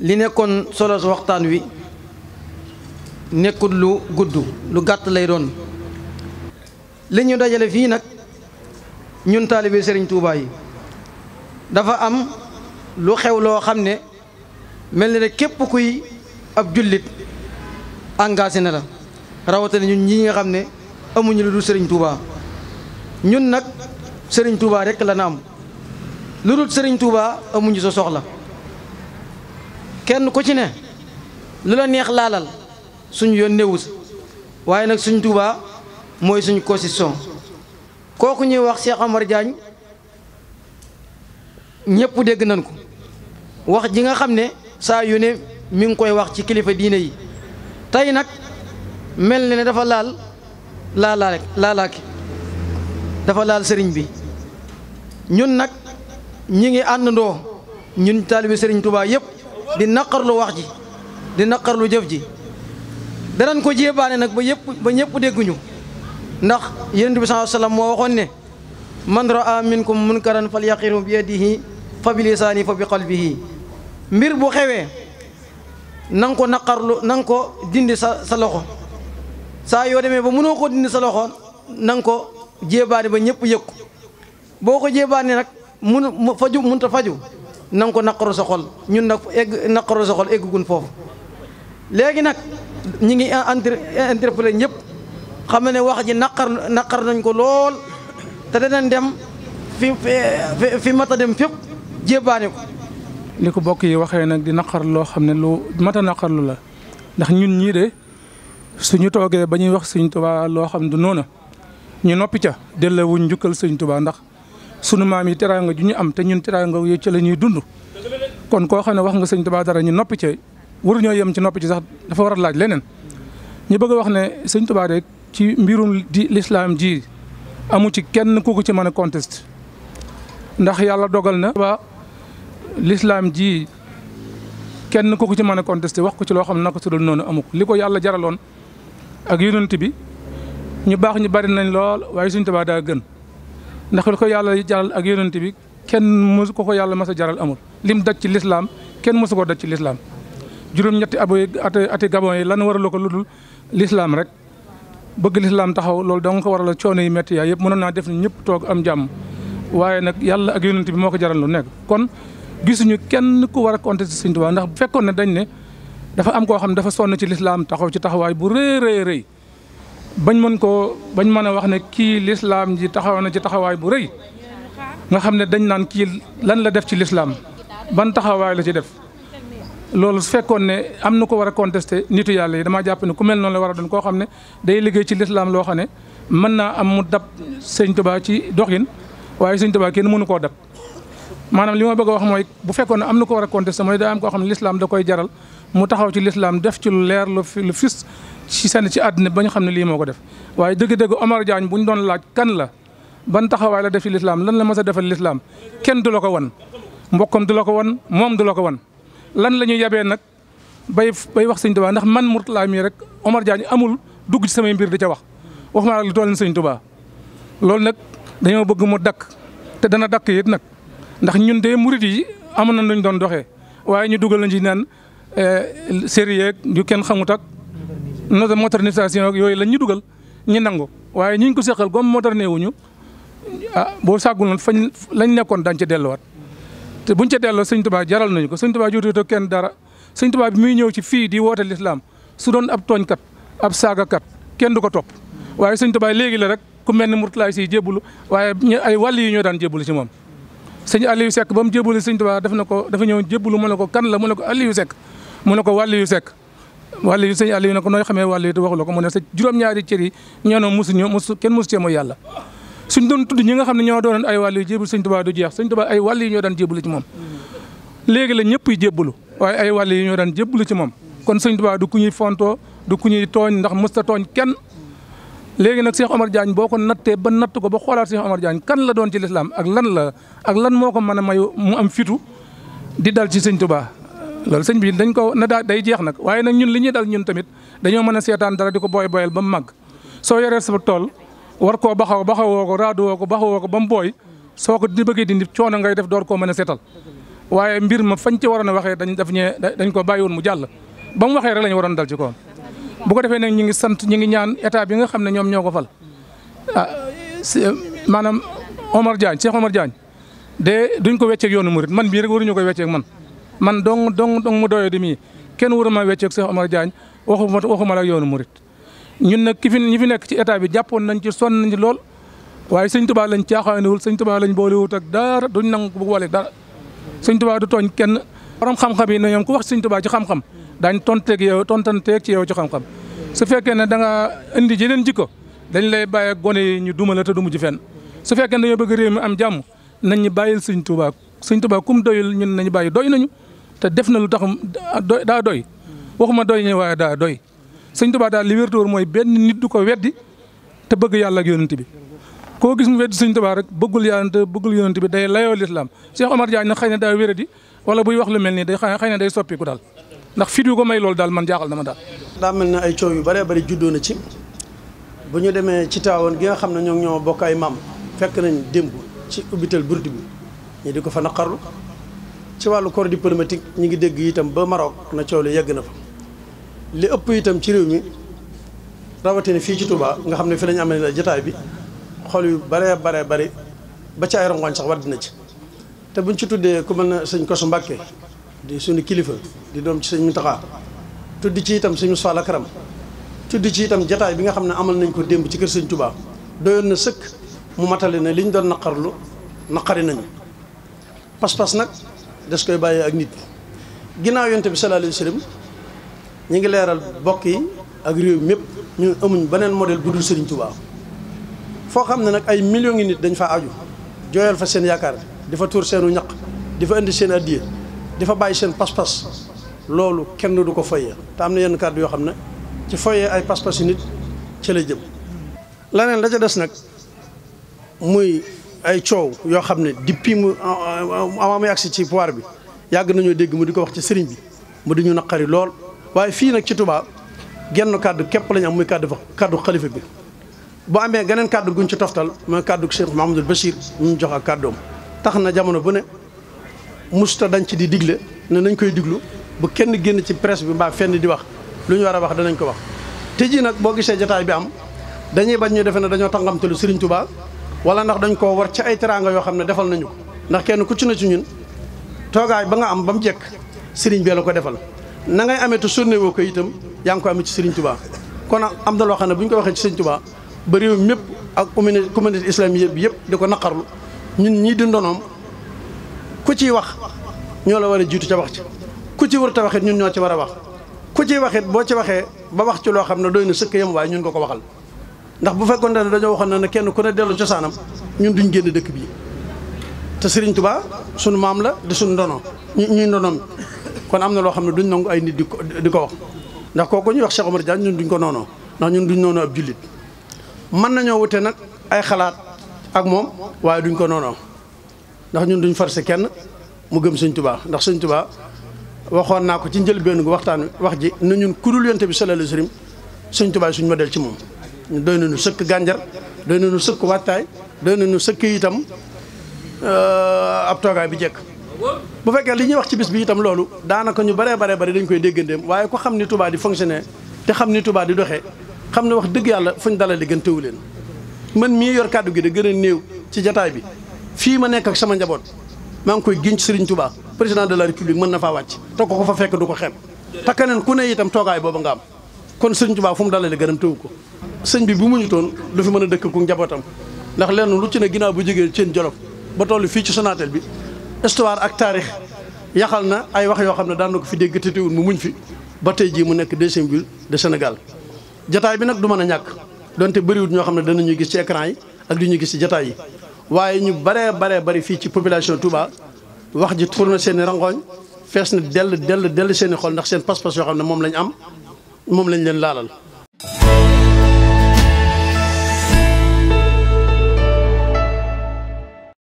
li nekkoon solo waxtaan wi nekkul lu gudd lu gàtt lay doon li ñu dajale fii nag ñun taalibe sëriñ Touba yi dafa am lu xew loo xam ne mel na ne képp kuy ab jullit engagé na la rawatina ñun ñi nga xam ne amuñu lu dul Serigne Touba ñun nag sëriñ Touba rek la na am lu dul Serigne Touba amuñu sa soxla. kenn ku ci ne lu la neex laalal suñu yoon néewu sa waaye nag suñ tubaa mooy suñu constitution kooku ñuy wax Cheikh Omar Diagne ñëpp dégg nañ ko wax ji nga xam ne saa yu ne mi ngi koy wax ci kilifa diine yi tey nag mel na ne dafa laal laalaale dafa laal sëriñ bi ñun nag ñi ngi àndandoo ñun taalibi sëriñ tubaa yëpp. di naqarlu wax ji di naqarlu jëf ji danañ ko jéebaane nag ba yëpp ba ñëpp dégguñu ndax yonent bi sallallahu alayhi moo waxoon ne man raa minkum munkaran falyaqiru bi yadihi fa bi lisaani fa bi mbir bu xewee nan ko naqarlu na nga ko dindi sa sa loxo saa yoo demee ba mënoo ko dindi sa loxo na ko jéebaane ba ñëpp yëg ko boo ko jéebaane nag mun faju mënta faju na nga ko naqaru sa xol ñun nag egg naqaru sa xol eggugun foofu léegi nag ñi ngi interpellé ñëpp xam ne wax ji naqar naqar nañ ko lool te danañ dem fi fi mat a dem fépp jébaane ko li ko bokk yi waxee nag di naqar loo xam ne lu mat a naqarlu la ndax ñun ñii de suñu toogee ba ñuy wax Sëñ tubaa loo xam du noona ñu noppi ca dellewuñ njukkal Sëñ Tuubaa ndax sunu maam yi teraanga ju ñu am te ñun teraanga yooyu ci la ñuy dund kon koo xam ne wax nga sëñ Tuubaa dara ñu noppi ci ñoo yem ci noppi ci sax dafa war a laaj leneen ñu bëgg a wax ne sëñ Tuubaa rek ci mbirum di lislaam ji amu ci kenn ku ko ci mën a conteste ndax yàlla dogal na ba lislaam ji kenn ku ko ci mën a wax ko ci loo xam ne naka su dul noonu amu ko li ko yàlla jaraloon ak yonent bi ñu baax ñu bari nañ lool waaye sëñ Tuubaa daa gën ndax li ko yàlla jaral ak yonent bi kenn mësu ko ko yàlla mas a jaral amul lim daj ci lislaam kenn mësu ko daj ci lislaam juróom-ñetti aboy ati gabon yi lan waraloo ko lu dul lislaam rek bëgg lislaam taxaw loolu da ko waral coono yi métti yaay mën mënoon naa def ni ñëpp toog am jàmm waaye nag yàlla ak yonent bi moo ko jaral lu nekk kon gisuñu kenn ku war a compter ci Sëñ ndax bu fekkoon ne dañ ne dafa am koo xam ne dafa sonn ci lislaam taxaw ci taxawaay bu rëy rëy rëy bañ mën koo bañ mën a wax ne kii lislaam ji taxaw na ci taxawaay bu rëy nga xam ne dañ naan kii lan la def ci lislaam ban taxawaay la ci def loolu su fekkoon ne am na ko war a contesté nitu yàlla yi dama jàpp ne ku mel noonu la war a doon koo xam ne day liggéey ci lislaam loo xam ne mën naa am mu dab sëñ Tuubaa ci doxin waaye sëñ Tuubaa kenn mënu koo dab maanaam li ma bëgg a wax mooy bu fekkoon ne am na ko war a contesté mooy daa am koo xam ne lislaam da koy jaral mu taxaw ci lislaam def ci lu leer lu fis ci seen ci àddina ba ñu xam ne lii moo ko def waaye dëgg-dëgg Omar Diagne bu ñu doon laaj kan la ban taxawaay la def ci lislaam lan la mës a defal lislaam kenn du la ko wan mbokkam du la ko wan moom du la ko wan lan la ñuy yabee nag bay bay wax sëñ Tuubaa ndax man Mourtala mii rek Omar Diagne amul dugg ci samay mbir di ca wax wax ma lu toll ni sëñ loolu nag dañoo bëgg mu dakk te dana dakk it nag ndax ñun de murit yi amoon nañ lu doon doxee waaye ñu dugal lañ ci naan eh, série yeeg yu kenn xamut ak note modernisation yooyu lañ ñu dugal ñu nangu waaye ñu ko seqal comme moderné wuñu a ah, boo sàggul noonu fañ lañ nekkoon dañ ca delluwaat te buñ ca delloo sëñ Tuubaa jaral nañu ko sëñ Tuubaa jotuutoo kenn dara sëñ Tuubaa bi muy ñëw ci fii di woote lislaam su doon ab tooñkat ab saagakat kenn du ko topp waaye sëñ Tuubaa léegi la rek ku mel ni Murtalaay Si jébbalu waaye ay wàll yi ñoo daan jébbalu ci moom sëñ Aliou Seck ba mu jébbalu sëñ Tuubaa daf na ko dafa ñëw jébbalu mu ne ko kan la mu ne ko Aliou Seck mu ne ko wàll yu Seck wàllu yu sëñ Aliou ne ko nooy xamee wàllu yi waxu la ko mu ne sa juróom-ñaari cër yi ñoo ne mosu kenn mosu cee mooy yàlla suñ doon tudd ñi nga xam ne ñoo doonoon ay wàllu yu jébul sëñ Tuubaa du jeex sëñ Tuubaa ay wàllu yi ñoo daan jébbalu ci moom léegi la ñëpp yi jébbalu waaye ay wàllu yi ñoo daan jébbalu ci moom kon sëñ Tuubaa du ku ñuy fontoo du ku ñuy tooñ ndax mosta tooñ kenn léegi nag Cheikh Omar Diagne boo ko nattee ba natt ko ba xoolaat Cheikh Omar Diagne kan la doon ci lislaam ak lan la ak lan moo ko mën a may mu am fitu di dal ci sëñ Tuubaa loolu sëñ bi dañ ko na daa day jeex nag waaye nag ñun li ñuy dal ñun tamit dañoo mën a seetaan dara di ko booy boyal ba mu màgg soo yoree sa tool war koo baxaw baxawoo ko woo ko baxawoo ko ba mu booy soo ko di bëggee dindi coono ngay def door koo mën a seetal waaye mbir ma fañ ci waroon na waxee dañ daf ñee dañ ko bàyyi woon mu jàll ba mu waxee rek la ñu waroon dal ci koom bu ko defee nag ñu ngi sant ñu ngi ñaan état bi nga xam ne ñoom ñoo ko fal ah maanaam Omar Diagne Cheikh Omar Diagne de duñ ko wecceeg yoonu man bii rek waruñu koy man man dong dong dong mu doyoo di mii kenn wuruma ma Cheikh Omar Diagne waxuma waxuma la yoonu murit ñun nag ki fi ñi fi nekk ci état bi jàppoon nañ ci sonn nañ lool waaye sëñ Tuubaa lañ caaxaanewul sëñ Tuubaa lañ boolewut ak dara duñ nangu bu wale dara sëñ Tuubaa du tooñ kenn borom xam-xam yi ne ñoom ku wax sëñ Tuubaa ci xam-xam daañ tonteeg yow tontanteeg ci yow ci xam-xam su fekkee ne danga nga indi jeneen jikko dañ lay bàyyi gone yi ñu duma la te du mujj fen su fekkee ne dañoo bëgg réew mi am jàmm nañ ñu bàyyil sëñ Tuubaa sëñ Tuubaa kum doyul ñun nañu bàyyi doy nañu te def na lu tax daa doy waxuma doy ñu waaye daa doy sëñ Tuubaa daal li wér mooy benn nit du ko weddi te bëgg yàlla ak bi koo gis mu weddi sëñ Tuubaa rek bëggul yàlla bëggul yonent bi day layoo lislaam Cheikh Omar Diagne nag xëy na daa wéradi wala buy wax lu mel nii day xëy na day soppiku daal ndax fit yu ko may loolu daal man jaaxal na ma daal. daa mel na ay coow yu bëree bëri juddoo na ci bu ñu demee ci taawoon gi nga xam na ñoom ñoo bokk ay maam fekk nañ démb ci ubbital bunt bi ñu di ko fa ci wàllu corps diplomatique ñi ngi dégg itam ba Maroc na coow li yegg na fa li ëpp itam ci réew mi rawatina fii ci tubaa nga xam ne fi lañ amee la jotaay bi xool yu baree baree bari ba ci ay rongoñ sax wadd na ci te buñ ci tuddee ku mën na sëñ Kosu Mbàkke di suñu kilifa di doom ci sëñ Muntaxa tudd ci itam sëñ Moussa Lakaram tudd ci itam jotaay bi nga xam ne amal nañ ko démb ci kër sëñ Touba doyoon na sëkk mu matale ne liñ doon naqarlu naqari nañu pas des koy bàyyee ak nit ñi ginnaaw yonte bi sallallahu alayhi wasallam ñu ngi leeral bokk yi ak réew mépp ñu amuñ beneen modèle bu dul Serigne Touba foo xam ne nag ay million ngi nit dañ fa aju jooyal fa seen yaakaar di fa tuur seenu ñaq di fa indi seen addiya di fa bàyyi seen pas-pas loolu kenn du ko foyee te am na yenn kàddu yoo xam ne ci foyee ay pas-pas yu nit ci la jëm leneen la ca des nag muy ay coow yoo xam ne depuis mu avant muy agsi ci pouvoir bi yàgg nañoo dégg mu di ko wax ci sëriñ bi mu di ñu naqari lool waaye fii nag ci Touba genn kàddu képp lañu am muy kàddu fa kàddu xalifa bi bu amee geneen kàddu guñ ci toftal mooy kàddu Cheikh Mahamadul Bachir ñu jox ak kàddoom tax na jamono bu ne musta dañ ci di digle ne nañ koy diglu bu kenn génn ci presse bi mbaa fenn di wax lu ñu war a wax danañ ko wax te ji nag boo gisee jataay bi am dañuy bañ ñu defe ne dañoo tàngamtalu Serigne Touba wala ndax dañ ko war ci ay teraanga yoo xam ne defal nañu ko ndax kenn ku ci na ci ñun toogaay ba nga am ba mu jekk sëriñ bee la ko defal na ngay amee sonné woo ko itam yaa ngi ko amee ci sëriñ Touba kon am na loo xam ne bu ñu ko waxee ci sëriñ Touba ba réew mépp ak communauté communauté islamique bi yëpp di ko naqarlu ñun ñii di ndonoom ku ciy wax ñoo la war a jiitu ca wax ci ku ci wër ta waxit ñun ñoo ci war a wax ku ciy waxit boo ci waxee ba wax ci loo xam ne doy na sëkk yam waaye ñun ko ko waxal ndax bu fekkoon ne dañoo waxoon na ne kenn ku ne dellu cosaanam ñun duñ génn dëkk bii te Serigne tubaa suñu maam la di suñu ndono ñu ñuy ndonoom kon am na loo xam ne duñ nangu ay nit di ko di ko wax ndax kooku ñuy wax Cheikh Omar Diagne ñun duñ ko noonoo ndax ñun duñ noonoo ab mën nañoo wute nag ay xalaat ak moom waaye duñ ko noonoo ndax ñun duñ forcé kenn mu gëm Sëñ Touba ndax Sëñ Touba waxoon naa ko ci njël benn njëlbéenu waxtaan wax ji na ñun ku dul yonent bi sallallahu alayhi wasallam Sëñ Touba suñ modèle ci moom. doy nañu sëkk gànjar doy nañu sëkk wattaay doy nañu sëkk itam euh, ab toogaay bi jekk bu fekkee li ñuy wax ci bis bi itam loolu daanaka ñu baree bare bari dañ koy déggandeem waaye ko xam ni tubaa di fonctionner te xam ni tubaa di doxee xam ne wax dëgg yàlla fuñ dalal di gën teewu leen mën mii yor kàddu gi de gën a néew ci jataay bi fii ma nekk ak sama njaboot maa ngi koy giñ ci Serigne Touba président de la république mën na faa wàcc te ko ko fa fekk du ko xeeb te keneen ku ne itam toogaay booba nga am kon Serigne Touba fu mu dalale gërëm teewu ko sëñ bi bu muñu toon du fi mën a dëkk ku njabootam ndax lenn lu ci ginaaw ginnaaw bu jógee ceen jolof ba toll fii ci Sonatel bi histoire ak taarix yaxal na ay wax yoo xam ne daan na ko fi dégg te teewul mu muñ fi ba tey jii mu nekk deuxième ville de Sénégal jataay bi nag du mën a ñàkk donte bëriwut ñoo xam ne danañu gis ci écran yi ak li ñu gis ci jataay yi waaye ñu bare baree bari fii ci population Touba wax ji tur na seen i rangooñ fees na dell dell dell seen i xol ndax seen pas-pas yoo xam ne moom lañ am moom lañ leen laalal